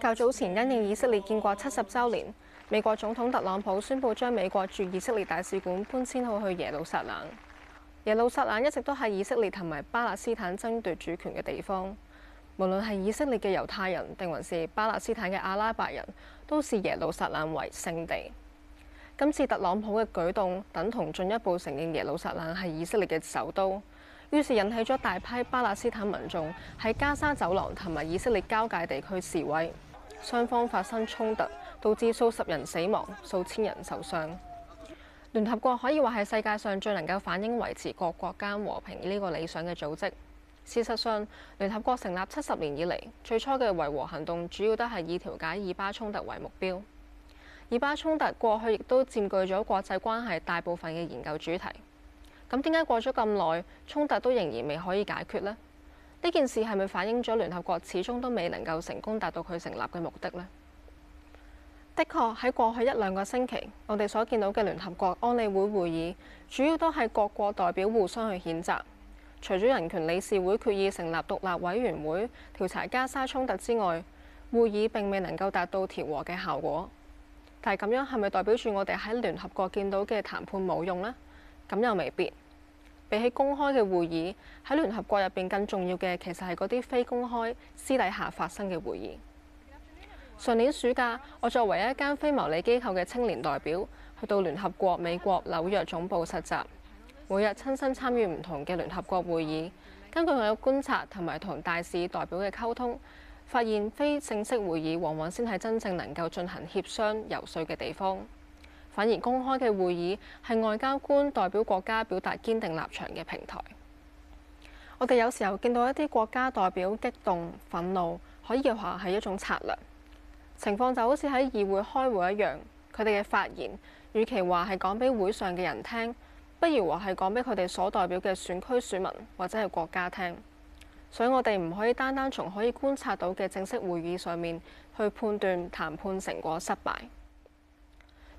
較早前，因應以色列建國七十周年，美國總統特朗普宣布將美國駐以色列大使館搬遷好去耶路撒冷。耶路撒冷一直都係以色列同埋巴勒斯坦爭奪主權嘅地方，無論係以色列嘅猶太人定還是巴勒斯坦嘅阿拉伯人，都視耶路撒冷為聖地。今次特朗普嘅舉動，等同進一步承認耶路撒冷係以色列嘅首都。於是引起咗大批巴勒斯坦民眾喺加沙走廊同埋以色列交界地區示威，雙方發生衝突，導致數十人死亡、數千人受傷。聯合國可以話係世界上最能夠反映維持各國間和平呢個理想嘅組織。事實上，聯合國成立七十年以嚟，最初嘅維和行動主要都係以調解以巴衝突為目標。以巴衝突過去亦都佔據咗國際關係大部分嘅研究主題。咁點解過咗咁耐，衝突都仍然未可以解決呢？呢件事係咪反映咗聯合國始終都未能夠成功達到佢成立嘅目的呢？的確，喺過去一兩個星期，我哋所見到嘅聯合國安理會會議，主要都係各國代表互相去譴責，除咗人權理事會決議成立獨立委員會調查加沙衝突之外，會議並未能夠達到調和嘅效果。但係咁樣係咪代表住我哋喺聯合國見到嘅談判冇用呢？咁又未必。比起公開嘅會議，喺聯合國入邊更重要嘅，其實係嗰啲非公開、私底下發生嘅會議。上年暑假，我作為一間非牟利機構嘅青年代表，去到聯合國美國紐約總部實習，每日親身參與唔同嘅聯合國會議。根據我嘅觀察同埋同大使代表嘅溝通，發現非正式會議往往先係真正能夠進行協商、遊說嘅地方。反而公開嘅會議係外交官代表國家表達堅定立場嘅平台。我哋有時候見到一啲國家代表激動、憤怒，可以話係一種策略。情況就好似喺議會開會一樣，佢哋嘅發言，與其話係講俾會上嘅人聽，不如話係講俾佢哋所代表嘅選區選民或者係國家聽。所以，我哋唔可以單單從可以觀察到嘅正式會議上面去判斷談判成果失敗。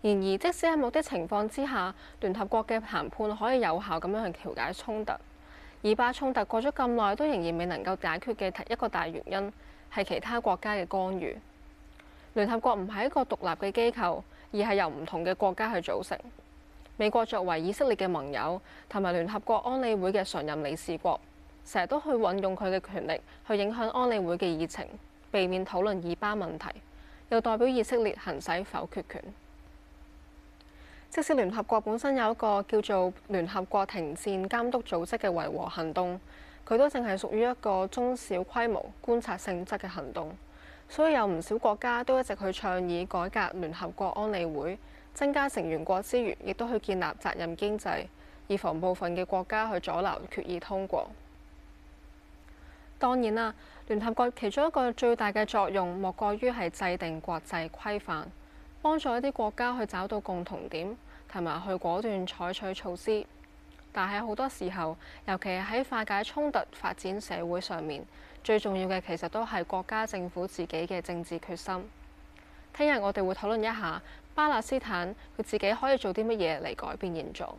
然而，即使喺某啲情況之下，聯合國嘅談判可以有效咁樣去調解衝突，以巴衝突過咗咁耐都仍然未能夠解決嘅一個大原因係其他國家嘅干預。聯合國唔係一個獨立嘅機構，而係由唔同嘅國家去組成。美國作為以色列嘅盟友，同埋聯合國安理會嘅常任理事國，成日都去運用佢嘅權力去影響安理會嘅議程，避免討論以巴問題，又代表以色列行使否決權。即使聯合國本身有一個叫做聯合國停戰監督組織嘅維和行動，佢都淨係屬於一個中小規模、觀察性質嘅行動。所以有唔少國家都一直去倡議改革聯合國安理會，增加成員國資源，亦都去建立責任經濟，以防部分嘅國家去阻撓決議通過。當然啦，聯合國其中一個最大嘅作用，莫過於係制定國際規範，幫助一啲國家去找到共同點。同埋去果斷採取措施，但係好多時候，尤其喺化解衝突、發展社會上面，最重要嘅其實都係國家政府自己嘅政治決心。聽日我哋會討論一下巴勒斯坦佢自己可以做啲乜嘢嚟改變現狀。